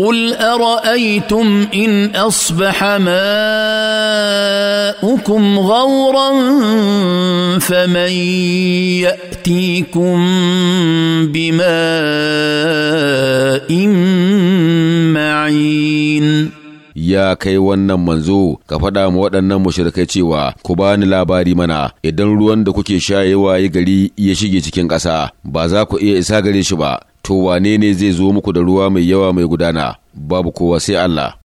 قل ارايتم ان اصبح ماؤكم غورا فمن ياتيكم بماء معين ya kai wannan manzo ka faɗa ma waɗannan mushrikai cewa ku bani labari mana idan ruwan da kuke sha ya waye gari ya shige cikin ƙasa ba za ku iya isa gare shi ba to wane ne zai zo muku da ruwa mai yawa mai gudana babu kowa sai Allah